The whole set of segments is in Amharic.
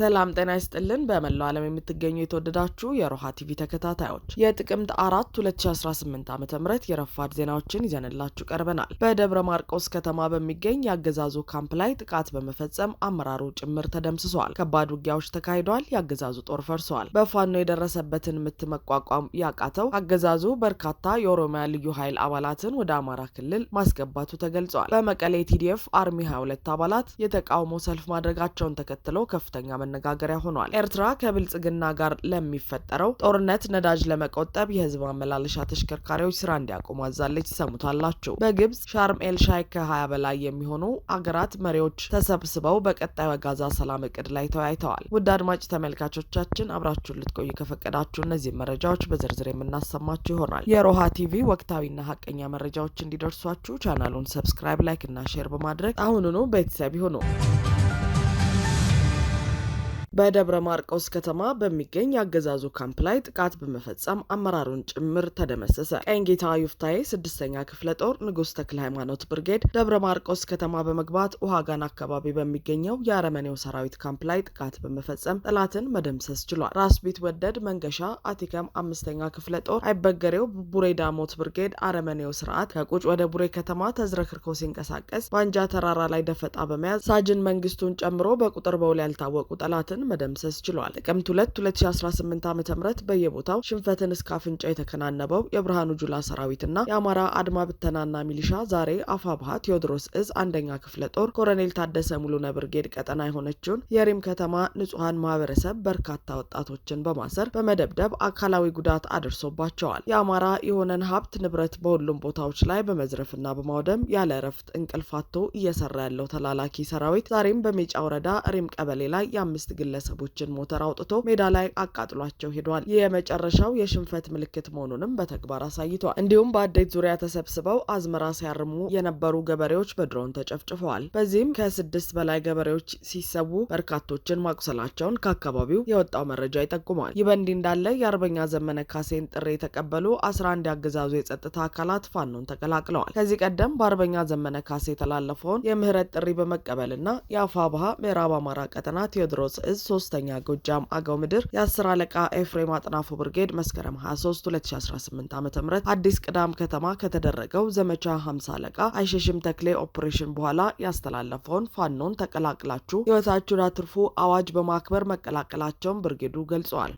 ሰላም ጤና ይስጥልን። በመላው ዓለም የምትገኙ የተወደዳችሁ የሮሃ ቲቪ ተከታታዮች የጥቅምት አራት 2018 ዓ ም የረፋድ ዜናዎችን ይዘንላችሁ ቀርበናል። በደብረ ማርቆስ ከተማ በሚገኝ የአገዛዙ ካምፕ ላይ ጥቃት በመፈጸም አመራሩ ጭምር ተደምስሷል። ከባድ ውጊያዎች ተካሂደዋል። የአገዛዙ ጦር ፈርሰዋል። በፋኖ የደረሰበትን ምት መቋቋም ያቃተው አገዛዙ በርካታ የኦሮሚያ ልዩ ኃይል አባላትን ወደ አማራ ክልል ማስገባቱ ተገልጿል። በመቀሌ ቲዲኤፍ አርሚ 22 አባላት የተቃውሞ ሰልፍ ማድረጋቸውን ተከትለው ከፍተኛ መነጋገሪያ ሆኗል። ኤርትራ ከብልጽግና ጋር ለሚፈጠረው ጦርነት ነዳጅ ለመቆጠብ የህዝብ ማመላለሻ ተሽከርካሪዎች ስራ እንዲያቆሙ አዛለች። ይሰሙታላችሁ። በግብጽ ሻርም ኤል ሻይክ 20 በላይ የሚሆኑ አገራት መሪዎች ተሰብስበው በቀጣዩ ጋዛ ሰላም እቅድ ላይ ተወያይተዋል። ውድ አድማጭ ተመልካቾቻችን አብራችሁን ልትቆዩ ከፈቀዳችሁ እነዚህ መረጃዎች በዝርዝር የምናሰማችሁ ይሆናል። የሮሃ ቲቪ ወቅታዊና ሀቀኛ መረጃዎች እንዲደርሷችሁ ቻናሉን ሰብስክራይብ፣ ላይክ እና ሼር በማድረግ አሁኑኑ ቤተሰብ ይሁኑ። በደብረ ማርቆስ ከተማ በሚገኝ የአገዛዙ ካምፕ ላይ ጥቃት በመፈጸም አመራሩን ጭምር ተደመሰሰ። ቀኝጌታ ዩፍታዬ ስድስተኛ ክፍለ ጦር ንጉሥ ተክለ ሃይማኖት ብርጌድ ደብረ ማርቆስ ከተማ በመግባት ውሃጋን አካባቢ በሚገኘው የአረመኔው ሰራዊት ካምፕ ላይ ጥቃት በመፈጸም ጠላትን መደምሰስ ችሏል። ራስ ወደድ መንገሻ አቲከም አምስተኛ ክፍለ ጦር አይበገሬው ቡሬ ዳሞት ብርጌድ አረመኔው ስርዓት ከቁጭ ወደ ቡሬ ከተማ ተዝረክርኮ ሲንቀሳቀስ ባንጃ ተራራ ላይ ደፈጣ በመያዝ ሳጅን መንግስቱን ጨምሮ በቁጥር በውል ያልታወቁ ጠላትን መደምሰስ ችሏል። ጥቅምት 2 2018 ዓ ም በየቦታው ሽንፈትን እስከ አፍንጫ የተከናነበው የብርሃኑ ጁላ ሰራዊትና የአማራ አድማ ብተናና ሚሊሻ ዛሬ አፋብሃ ቴዎድሮስ እዝ አንደኛ ክፍለ ጦር ኮረኔል ታደሰ ሙሉ ነብርጌድ ቀጠና የሆነችውን የሪም ከተማ ንጹሐን ማህበረሰብ በርካታ ወጣቶችን በማሰር በመደብደብ አካላዊ ጉዳት አድርሶባቸዋል። የአማራ የሆነን ሀብት ንብረት በሁሉም ቦታዎች ላይ በመዝረፍና በማውደም ያለ እረፍት እንቅልፋቶ እየሰራ ያለው ተላላኪ ሰራዊት ዛሬም በሜጫ ወረዳ ሪም ቀበሌ ላይ የአምስት ግለ ግለሰቦችን ሞተር አውጥቶ ሜዳ ላይ አቃጥሏቸው ሄዷል። ይህ የመጨረሻው የሽንፈት ምልክት መሆኑንም በተግባር አሳይቷል። እንዲሁም በአዴት ዙሪያ ተሰብስበው አዝመራ ሲያርሙ የነበሩ ገበሬዎች በድሮን ተጨፍጭፈዋል። በዚህም ከስድስት በላይ ገበሬዎች ሲሰዉ በርካቶችን ማቁሰላቸውን ከአካባቢው የወጣው መረጃ ይጠቁማል። ይህ በእንዲህ እንዳለ የአርበኛ ዘመነ ካሴን ጥሪ የተቀበሉ አስራ አንድ ያገዛዙ የጸጥታ አካላት ፋኖን ተቀላቅለዋል። ከዚህ ቀደም በአርበኛ ዘመነ ካሴ የተላለፈውን የምህረት ጥሪ በመቀበልና የአፋ ባህ ምዕራብ አማራ ቀጠና ቴዎድሮስ እዝ እዝ ሶስተኛ ጎጃም አገው ምድር የአስር አለቃ ኤፍሬም አጥናፉ ብርጌድ መስከረም 23 2018 ዓ ም አዲስ ቅዳም ከተማ ከተደረገው ዘመቻ 50 አለቃ አይሸሽም ተክሌ ኦፕሬሽን በኋላ ያስተላለፈውን ፋኖን ተቀላቅላችሁ ህይወታችሁን አትርፉ አዋጅ በማክበር መቀላቀላቸውን ብርጌዱ ገልጿል።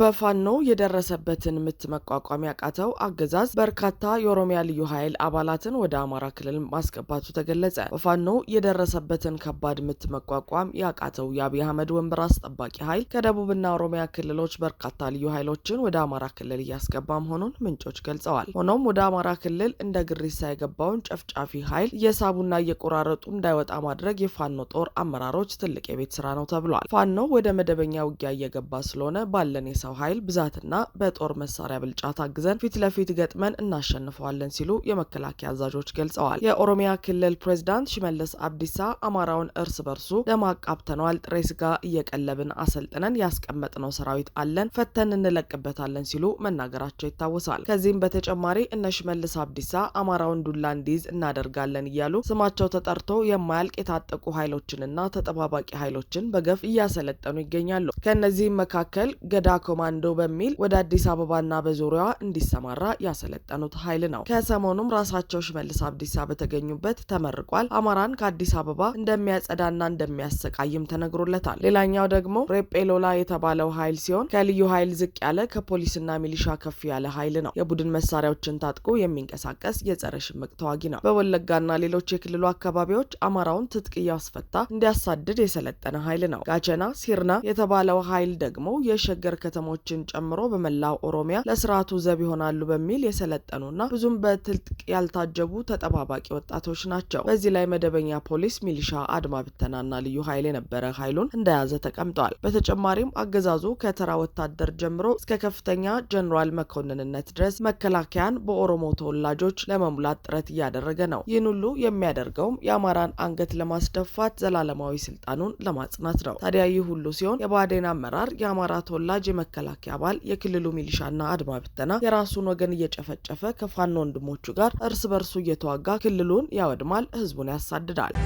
በፋኖ የደረሰበትን ምት መቋቋም ያቃተው አገዛዝ በርካታ የኦሮሚያ ልዩ ኃይል አባላትን ወደ አማራ ክልል ማስገባቱ ተገለጸ። በፋኖ የደረሰበትን ከባድ ምት መቋቋም ያቃተው የአብይ አህመድ ወንበር አስጠባቂ ኃይል ከደቡብና ኦሮሚያ ክልሎች በርካታ ልዩ ኃይሎችን ወደ አማራ ክልል እያስገባ መሆኑን ምንጮች ገልጸዋል። ሆኖም ወደ አማራ ክልል እንደ ግሪሳ የገባውን ጨፍጫፊ ኃይል እየሳቡና እየቆራረጡ እንዳይወጣ ማድረግ የፋኖ ጦር አመራሮች ትልቅ የቤት ስራ ነው ተብሏል። ፋኖ ወደ መደበኛ ውጊያ እየገባ ስለሆነ ባለን የሰው ኃይል ብዛትና በጦር መሳሪያ ብልጫ ታግዘን ፊት ለፊት ገጥመን እናሸንፈዋለን ሲሉ የመከላከያ አዛዦች ገልጸዋል። የኦሮሚያ ክልል ፕሬዚዳንት ሽመለስ አብዲሳ አማራውን እርስ በርሱ ለማቃብተነዋል ጥሬ ስጋ እየቀለብን አሰልጥነን ያስቀመጥነው ሰራዊት አለን ፈተን እንለቅበታለን ሲሉ መናገራቸው ይታወሳል። ከዚህም በተጨማሪ እነ ሽመልስ አብዲሳ አማራውን ዱላ እንዲይዝ እናደርጋለን እያሉ ስማቸው ተጠርቶ የማያልቅ የታጠቁ ኃይሎችንና ተጠባባቂ ኃይሎችን በገፍ እያሰለጠኑ ይገኛሉ። ከእነዚህም መካከል ገዳኮ ኮማንዶ በሚል ወደ አዲስ አበባና በዙሪያዋ እንዲሰማራ ያሰለጠኑት ኃይል ነው። ከሰሞኑም ራሳቸው ሽመልስ አብዲሳ በተገኙበት ተመርቋል። አማራን ከአዲስ አበባ እንደሚያጸዳና እንደሚያሰቃይም ተነግሮለታል። ሌላኛው ደግሞ ሬጴሎላ የተባለው ኃይል ሲሆን ከልዩ ኃይል ዝቅ ያለ ከፖሊስና ሚሊሻ ከፍ ያለ ኃይል ነው። የቡድን መሳሪያዎችን ታጥቆ የሚንቀሳቀስ የጸረ ሽምቅ ተዋጊ ነው። በወለጋና ሌሎች የክልሉ አካባቢዎች አማራውን ትጥቅ እያስፈታ እንዲያሳድድ የሰለጠነ ኃይል ነው። ጋቸና ሲርና የተባለው ኃይል ደግሞ የሸገር ከተማ ከተሞችን ጨምሮ በመላው ኦሮሚያ ለስርዓቱ ዘብ ይሆናሉ በሚል የሰለጠኑና ብዙም በትጥቅ ያልታጀቡ ተጠባባቂ ወጣቶች ናቸው። በዚህ ላይ መደበኛ ፖሊስ፣ ሚሊሻ፣ አድማ ብተናና ልዩ ኃይል የነበረ ኃይሉን እንደያዘ ተቀምጧል። በተጨማሪም አገዛዙ ከተራ ወታደር ጀምሮ እስከ ከፍተኛ ጀኔራል መኮንንነት ድረስ መከላከያን በኦሮሞ ተወላጆች ለመሙላት ጥረት እያደረገ ነው። ይህን ሁሉ የሚያደርገውም የአማራን አንገት ለማስደፋት ዘላለማዊ ስልጣኑን ለማጽናት ነው። ታዲያ ይህ ሁሉ ሲሆን የባዴን አመራር የአማራ ተወላጅ የመከ መከላከያ አባል የክልሉ ሚሊሻና አድማ ብተና የራሱን ወገን እየጨፈጨፈ ከፋኖ ወንድሞቹ ጋር እርስ በርሱ እየተዋጋ ክልሉን ያወድማል፣ ህዝቡን ያሳድዳል።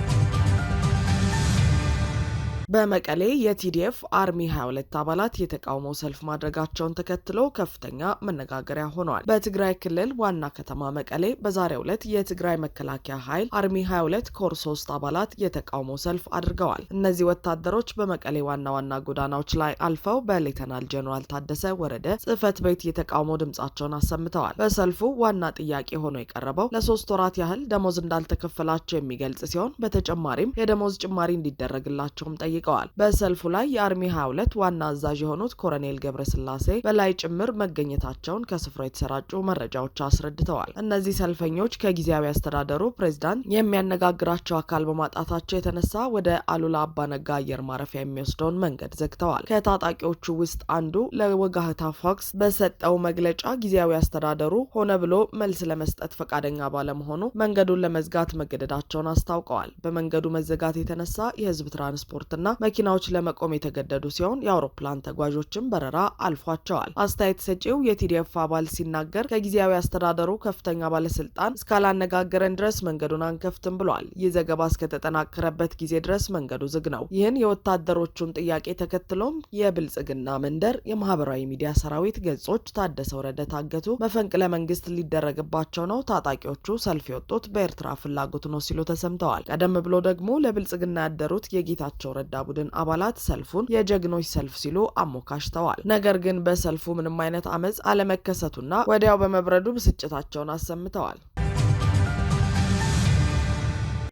በመቀሌ የቲዲኤፍ አርሚ 22 አባላት የተቃውሞ ሰልፍ ማድረጋቸውን ተከትሎ ከፍተኛ መነጋገሪያ ሆኗል። በትግራይ ክልል ዋና ከተማ መቀሌ በዛሬው ዕለት የትግራይ መከላከያ ኃይል አርሚ 22 ኮር 3 አባላት የተቃውሞ ሰልፍ አድርገዋል። እነዚህ ወታደሮች በመቀሌ ዋና ዋና ጎዳናዎች ላይ አልፈው በሌተናል ጀኔራል ታደሰ ወረደ ጽህፈት ቤት የተቃውሞ ድምጻቸውን አሰምተዋል። በሰልፉ ዋና ጥያቄ ሆኖ የቀረበው ለሶስት ወራት ያህል ደሞዝ እንዳልተከፈላቸው የሚገልጽ ሲሆን በተጨማሪም የደሞዝ ጭማሪ እንዲደረግላቸውም ጠይቀዋል። ጠይቀዋል። በሰልፉ ላይ የአርሚ 22 ዋና አዛዥ የሆኑት ኮረኔል ገብረስላሴ በላይ ጭምር መገኘታቸውን ከስፍራው የተሰራጩ መረጃዎች አስረድተዋል። እነዚህ ሰልፈኞች ከጊዜያዊ አስተዳደሩ ፕሬዝዳንት የሚያነጋግራቸው አካል በማጣታቸው የተነሳ ወደ አሉላ አባነጋ አየር ማረፊያ የሚወስደውን መንገድ ዘግተዋል። ከታጣቂዎቹ ውስጥ አንዱ ለወጋህታ ፎክስ በሰጠው መግለጫ ጊዜያዊ አስተዳደሩ ሆነ ብሎ መልስ ለመስጠት ፈቃደኛ ባለመሆኑ መንገዱን ለመዝጋት መገደዳቸውን አስታውቀዋል። በመንገዱ መዘጋት የተነሳ የህዝብ ትራንስፖርትና መኪናዎች ለመቆም የተገደዱ ሲሆን የአውሮፕላን ተጓዦችም በረራ አልፏቸዋል። አስተያየት ሰጪው የቲዲኤፍ አባል ሲናገር ከጊዜያዊ አስተዳደሩ ከፍተኛ ባለስልጣን እስካላነጋገረን ድረስ መንገዱን አንከፍትም ብሏል። ይህ ዘገባ እስከተጠናከረበት ጊዜ ድረስ መንገዱ ዝግ ነው። ይህን የወታደሮቹን ጥያቄ ተከትሎም የብልጽግና መንደር የማህበራዊ ሚዲያ ሰራዊት ገጾች ታደሰ ወረደ ታገቱ፣ መፈንቅለ መንግስት ሊደረግባቸው ነው፣ ታጣቂዎቹ ሰልፍ የወጡት በኤርትራ ፍላጎት ነው ሲሉ ተሰምተዋል። ቀደም ብሎ ደግሞ ለብልጽግና ያደሩት የጌታቸው ረዳ ቡድን አባላት ሰልፉን የጀግኖች ሰልፍ ሲሉ አሞካሽተዋል። ነገር ግን በሰልፉ ምንም አይነት አመፅ አለመከሰቱና ወዲያው በመብረዱ ብስጭታቸውን አሰምተዋል።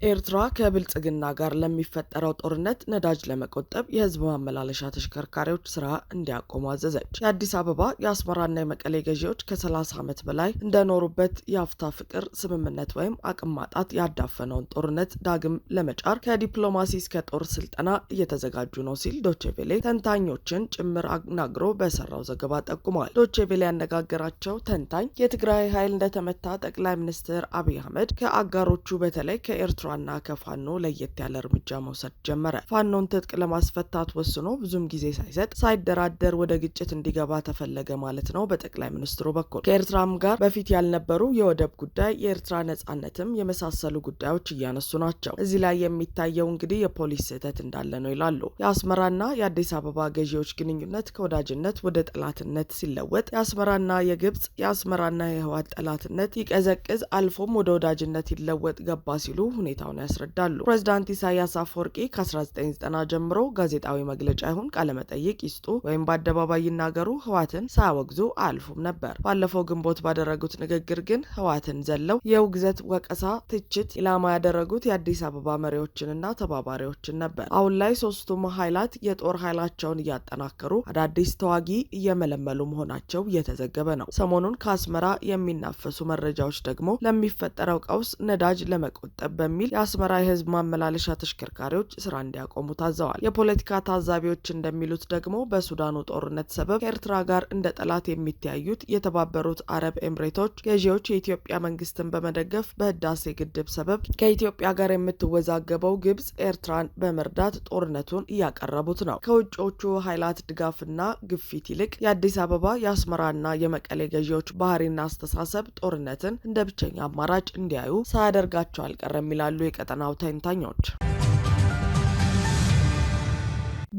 ኤርትራ ከብልጽግና ጋር ለሚፈጠረው ጦርነት ነዳጅ ለመቆጠብ የህዝብ ማመላለሻ ተሽከርካሪዎች ስራ እንዲያቆሙ አዘዘች። የአዲስ አበባ የአስመራና የመቀሌ ገዢዎች ከ30 ዓመት በላይ እንደኖሩበት የአፍታ ፍቅር ስምምነት ወይም አቅም ማጣት ያዳፈነውን ጦርነት ዳግም ለመጫር ከዲፕሎማሲ እስከ ጦር ስልጠና እየተዘጋጁ ነው ሲል ዶቼቬሌ ተንታኞችን ጭምር አናግሮ በሰራው ዘገባ ጠቁሟል። ዶቼቬሌ ያነጋገራቸው ተንታኝ የትግራይ ኃይል እንደተመታ ጠቅላይ ሚኒስትር አብይ አህመድ ከአጋሮቹ በተለይ ከኤርትራ ሸዋና ከፋኖ ለየት ያለ እርምጃ መውሰድ ጀመረ። ፋኖን ትጥቅ ለማስፈታት ወስኖ ብዙም ጊዜ ሳይሰጥ ሳይደራደር ወደ ግጭት እንዲገባ ተፈለገ ማለት ነው። በጠቅላይ ሚኒስትሩ በኩል ከኤርትራም ጋር በፊት ያልነበሩ የወደብ ጉዳይ፣ የኤርትራ ነጻነትም የመሳሰሉ ጉዳዮች እያነሱ ናቸው። እዚህ ላይ የሚታየው እንግዲህ የፖሊስ ስህተት እንዳለ ነው ይላሉ። የአስመራና የአዲስ አበባ ገዢዎች ግንኙነት ከወዳጅነት ወደ ጠላትነት ሲለወጥ የአስመራና የግብጽ የአስመራና የህወሓት ጠላትነት ይቀዘቅዝ አልፎም ወደ ወዳጅነት ይለወጥ ገባ ሲሉ ሁኔታ ሁኔታውን ያስረዳሉ። ፕሬዚዳንት ኢሳያስ አፈወርቂ ከ1990 ጀምሮ ጋዜጣዊ መግለጫ ይሁን ቃለመጠይቅ ይስጡ ወይም በአደባባይ ይናገሩ ህዋትን ሳያወግዙ አልፉም ነበር። ባለፈው ግንቦት ባደረጉት ንግግር ግን ህዋትን ዘለው የውግዘት ወቀሳ፣ ትችት ኢላማ ያደረጉት የአዲስ አበባ መሪዎችንና ተባባሪዎችን ነበር። አሁን ላይ ሶስቱም ኃይላት የጦር ኃይላቸውን እያጠናከሩ አዳዲስ ተዋጊ እየመለመሉ መሆናቸው እየተዘገበ ነው። ሰሞኑን ከአስመራ የሚናፈሱ መረጃዎች ደግሞ ለሚፈጠረው ቀውስ ነዳጅ ለመቆጠብ በሚል የአስመራ የህዝብ ማመላለሻ ተሽከርካሪዎች ስራ እንዲያቆሙ ታዘዋል። የፖለቲካ ታዛቢዎች እንደሚሉት ደግሞ በሱዳኑ ጦርነት ሰበብ ከኤርትራ ጋር እንደ ጠላት የሚተያዩት የተባበሩት አረብ ኤምሬቶች ገዢዎች የኢትዮጵያ መንግስትን በመደገፍ በህዳሴ ግድብ ሰበብ ከኢትዮጵያ ጋር የምትወዛገበው ግብጽ ኤርትራን በመርዳት ጦርነቱን እያቀረቡት ነው። ከውጭዎቹ ኃይላት ድጋፍና ግፊት ይልቅ የአዲስ አበባ የአስመራና የመቀሌ ገዢዎች ባህሪና አስተሳሰብ ጦርነትን እንደ ብቸኛ አማራጭ እንዲያዩ ሳያደርጋቸው አልቀረም ይላሉ ይላሉ የቀጠናው ተንታኞች።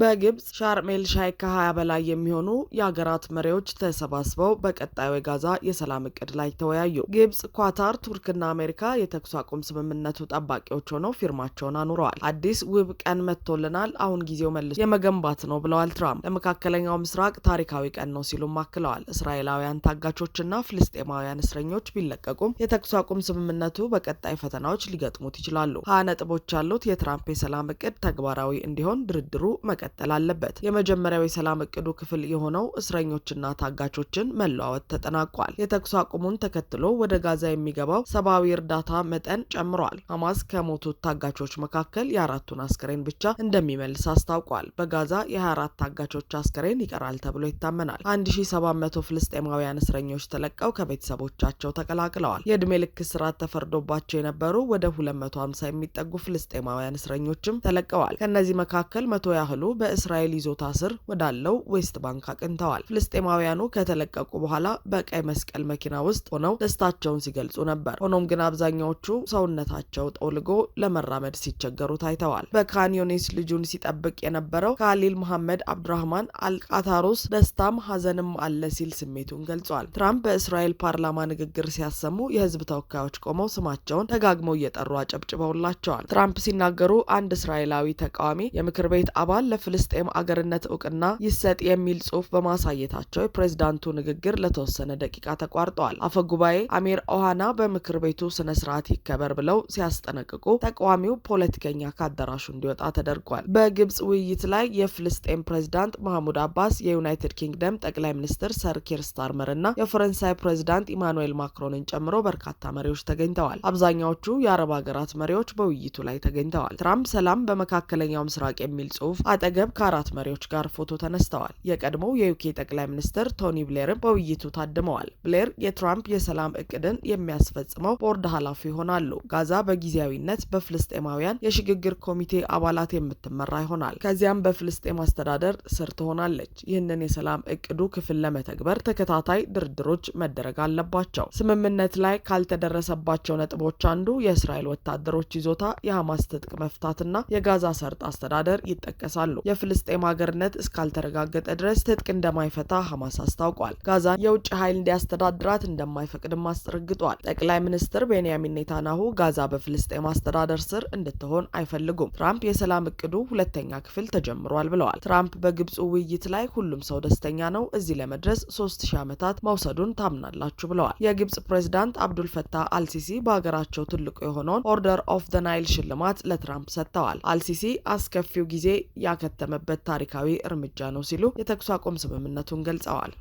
በግብጽ ሻርሜል ሻይ ከ20 በላይ የሚሆኑ የሀገራት መሪዎች ተሰባስበው በቀጣዩ የጋዛ የሰላም እቅድ ላይ ተወያዩ። ግብፅ፣ ኳታር፣ ቱርክና አሜሪካ የተኩስ አቁም ስምምነቱ ጠባቂዎች ሆነው ፊርማቸውን አኑረዋል። አዲስ ውብ ቀን መጥቶልናል፣ አሁን ጊዜው መልሶ የመገንባት ነው ብለዋል ትራምፕ። ለመካከለኛው ምስራቅ ታሪካዊ ቀን ነው ሲሉም አክለዋል። እስራኤላውያን ታጋቾችና ፍልስጤማውያን እስረኞች ቢለቀቁም የተኩስ አቁም ስምምነቱ በቀጣይ ፈተናዎች ሊገጥሙት ይችላሉ። ሀያ ነጥቦች ያሉት የትራምፕ የሰላም እቅድ ተግባራዊ እንዲሆን ድርድሩ መቀ መቀጠል አለበት። የመጀመሪያው የሰላም እቅዱ ክፍል የሆነው እስረኞችና ታጋቾችን መለዋወጥ ተጠናቋል። የተኩስ አቁሙን ተከትሎ ወደ ጋዛ የሚገባው ሰብአዊ እርዳታ መጠን ጨምሯል። ሐማስ ከሞቱት ታጋቾች መካከል የአራቱን አስክሬን ብቻ እንደሚመልስ አስታውቋል። በጋዛ የ24 ታጋቾች አስክሬን ይቀራል ተብሎ ይታመናል። 1700 ፍልስጤማውያን እስረኞች ተለቀው ከቤተሰቦቻቸው ተቀላቅለዋል። የዕድሜ ልክ እስራት ተፈርዶባቸው የነበሩ ወደ 250 የሚጠጉ ፍልስጤማውያን እስረኞችም ተለቀዋል። ከእነዚህ መካከል መቶ ያህሉ በእስራኤል ይዞታ ስር ወዳለው ዌስት ባንክ አቅንተዋል። ፍልስጤማውያኑ ከተለቀቁ በኋላ በቀይ መስቀል መኪና ውስጥ ሆነው ደስታቸውን ሲገልጹ ነበር። ሆኖም ግን አብዛኛዎቹ ሰውነታቸው ጠውልጎ ለመራመድ ሲቸገሩ ታይተዋል። በካንዮኒስ ልጁን ሲጠብቅ የነበረው ካሊል መሐመድ አብዱራህማን አልቃታሩስ ደስታም ሀዘንም አለ ሲል ስሜቱን ገልጿል። ትራምፕ በእስራኤል ፓርላማ ንግግር ሲያሰሙ የህዝብ ተወካዮች ቆመው ስማቸውን ደጋግመው እየጠሩ አጨብጭበውላቸዋል። ትራምፕ ሲናገሩ አንድ እስራኤላዊ ተቃዋሚ የምክር ቤት አባል ለፍ ፍልስጤም አገርነት እውቅና ይሰጥ የሚል ጽሁፍ በማሳየታቸው የፕሬዝዳንቱ ንግግር ለተወሰነ ደቂቃ ተቋርጠዋል። አፈ ጉባኤ አሚር ኦሃና በምክር ቤቱ ስነ ስርዓት ይከበር ብለው ሲያስጠነቅቁ ተቃዋሚው ፖለቲከኛ ከአዳራሹ እንዲወጣ ተደርጓል። በግብፅ ውይይት ላይ የፍልስጤም ፕሬዝዳንት መሐሙድ አባስ፣ የዩናይትድ ኪንግደም ጠቅላይ ሚኒስትር ሰር ኪር ስታርመር እና የፈረንሳይ ፕሬዝዳንት ኢማኑኤል ማክሮንን ጨምሮ በርካታ መሪዎች ተገኝተዋል። አብዛኛዎቹ የአረብ ሀገራት መሪዎች በውይይቱ ላይ ተገኝተዋል። ትራምፕ ሰላም በመካከለኛው ምስራቅ የሚል ጽሁፍ አጠገብ ከአራት መሪዎች ጋር ፎቶ ተነስተዋል። የቀድሞው የዩኬ ጠቅላይ ሚኒስትር ቶኒ ብሌርም በውይይቱ ታድመዋል። ብሌር የትራምፕ የሰላም እቅድን የሚያስፈጽመው ቦርድ ኃላፊ ይሆናሉ። ጋዛ በጊዜያዊነት በፍልስጤማውያን የሽግግር ኮሚቴ አባላት የምትመራ ይሆናል። ከዚያም በፍልስጤም አስተዳደር ስር ትሆናለች። ይህንን የሰላም እቅዱ ክፍል ለመተግበር ተከታታይ ድርድሮች መደረግ አለባቸው። ስምምነት ላይ ካልተደረሰባቸው ነጥቦች አንዱ የእስራኤል ወታደሮች ይዞታ፣ የሐማስ ትጥቅ መፍታትና የጋዛ ሰርጥ አስተዳደር ይጠቀሳሉ። የፍልስጤም ሀገርነት እስካልተረጋገጠ ድረስ ትጥቅ እንደማይፈታ ሐማስ አስታውቋል። ጋዛን የውጭ ኃይል እንዲያስተዳድራት እንደማይፈቅድም አስረግጧል። ጠቅላይ ሚኒስትር ቤንያሚን ኔታናሁ ጋዛ በፍልስጤም አስተዳደር ስር እንድትሆን አይፈልጉም። ትራምፕ የሰላም እቅዱ ሁለተኛ ክፍል ተጀምሯል ብለዋል። ትራምፕ በግብፁ ውይይት ላይ ሁሉም ሰው ደስተኛ ነው፣ እዚህ ለመድረስ ሶስት ሺህ ዓመታት መውሰዱን ታምናላችሁ ብለዋል። የግብፅ ፕሬዚዳንት አብዱልፈታህ አልሲሲ በሀገራቸው ትልቁ የሆነውን ኦርደር ኦፍ ዘ ናይል ሽልማት ለትራምፕ ሰጥተዋል። አልሲሲ አስከፊው ጊዜ ያከ የተከተመበት ታሪካዊ እርምጃ ነው ሲሉ የተኩስ አቁም ስምምነቱን ገልጸዋል።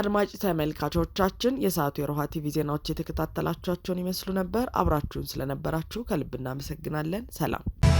አድማጭ ተመልካቾቻችን የሰዓቱ የሮሃ ቲቪ ዜናዎች የተከታተላችኋቸውን ይመስሉ ነበር። አብራችሁን ስለነበራችሁ ከልብ እናመሰግናለን። ሰላም